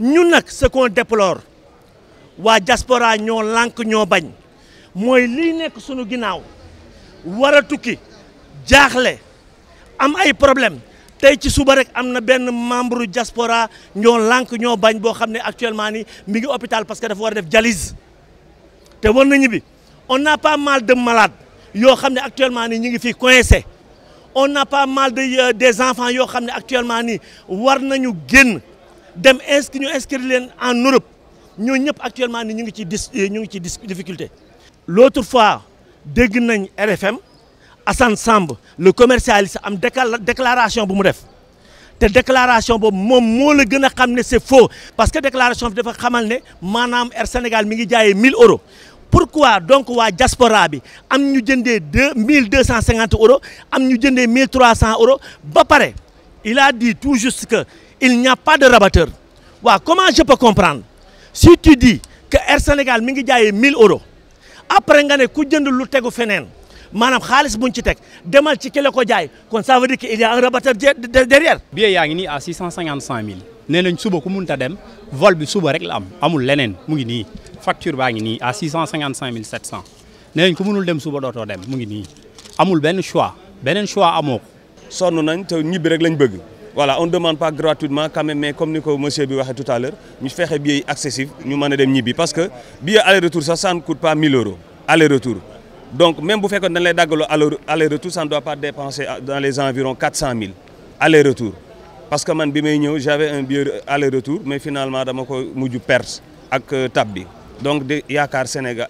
ñun nak, ce qu'on déplore waa diaspora ñoo lank ñoo bañ mooy liy nekk suñu ginnaaw war a tukki jaaxle am ay problème tay ci suba rek amna ben membre diaspora ño lank ño bañ bo xamné actuellement ni mi ngi hôpital parce que dafa war def dialyse té war nañu bi on n'a pas mal de malades yo xamné actuellement ni ñu ngi fi coincé on n'a pas mal de euh, des enfants yo xamné actuellement ni war nañu génn nous inski en Europe nous sommes actuellement ni ñu euh, difficulté l'autre fois avons nañ RFM Assane Samb le commercialiste am déclaration bu mu def te déclaration boobu la a c'est faux parce que déclaration dafa xamal ne Air Sénégal a ngi 1 1000 euros pourquoi donc la diaspora a t ñu donné 1 250 euros am ñu jëndee 1300 euros il a dit tout juste que il n'y a pas de rabatteur wa comment je peux comprendre si tu dis que Air Sénégal mi 1000 euros après nga ne ku jënd lu tegu feneen maanaam xaalis buñ ci teg demal ci ki jaay kon ça veut dire que y a un rabatteur derrière. billet est ngi à 655 000 nee nañ suba ku munta dem vol bi vol rek la am amul lenen mu ngi nii facture baa ngi nii à 655 700 nee nañ ku munul dem suba dootoo dem mu ngi amul ben choix beneen choix amoo un choix nañ te ñibbi rek lañ voilà on ne demande pas gratuitement quand même mais comme nous monsieur tout à l'heure nous faisons des billets accessible nous demandons des billets. parce que billet aller retour ça ne coûte pas 1000 euros aller retour donc même bu que dañ lay à aller retour ça ne doit pas dépenser dans les environs 400 000 aller retour parce que moi, j'avais un billet aller retour mais finalement je suis mujj perte ak euh, tab donc il y a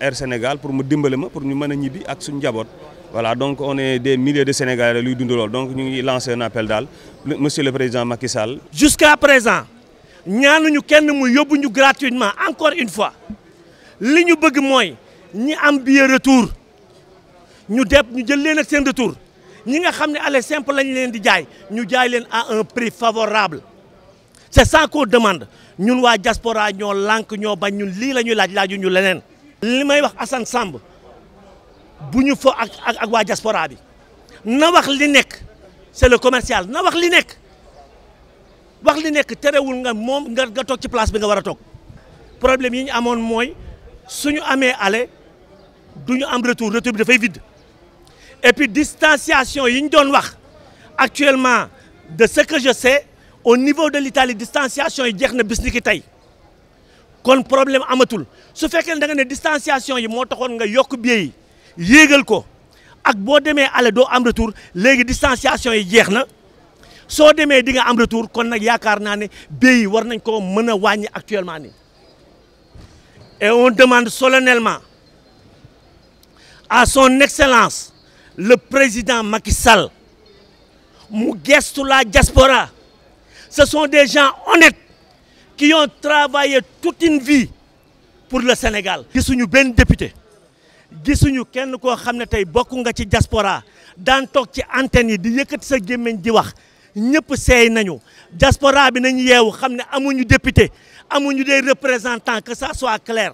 Air Sénégal pour me donner pour nous mener a ak voilà, donc on est des milliers de Sénégalais, lui Dundolol. Donc nous lançons un appel d'al. Monsieur le Président Macky Sall. Jusqu'à présent, nous avons quelqu'un gratuitement, encore une fois. Ce que nous voulons, c'est un billet retour. Nous avons un retour. ñi nga xam ne aller simple lañ leen di jaay ñu jaay leen à un prix favorable c'est sans qu'on demande ñun waa diaspora ñoo lànk ñoo bañ ñun lii la ñuy laaj laaju ñu leneen li may wax Hassan Samba, buñu ñu fo ak ak ak diaspora bi na wax li nek c'est le commercial na wax li nek wax li nek téréwul nga moom nga nga tok ci place bi nga wara tok problème yi ñu amoon mooy suñu amé allé du am retour retour bi fay vide et puis distanciation yi ñu doon wax actuellement de ce que je sais au niveau de l'Italie distanciation yi jeex na bis ni kon problème amatul su fekkee da nga ne distanciation yi mo taxone nga yok biey yégal ko ak bo démé ale do am retour légui distanciation yi jeex so démé di nga am retour kon nag yaakaar naa ne béy war nañ ko mëna a actuellement et on demande solennellement à son excellence le président Macky Sall mu gestu la diaspora ce sont des gens honnêtes qui ont travaillé toute une vie pour le Sénégal de un député gisuñu kenn koo xam ne tey bokku nga ci diaspora daan toog ci antenne yi di yëkkati sa gémmiñ di wax ñëpp seey nañu diaspora bi nañ yeewu xam ne amuñu député amuñu des représentants que ça soit clair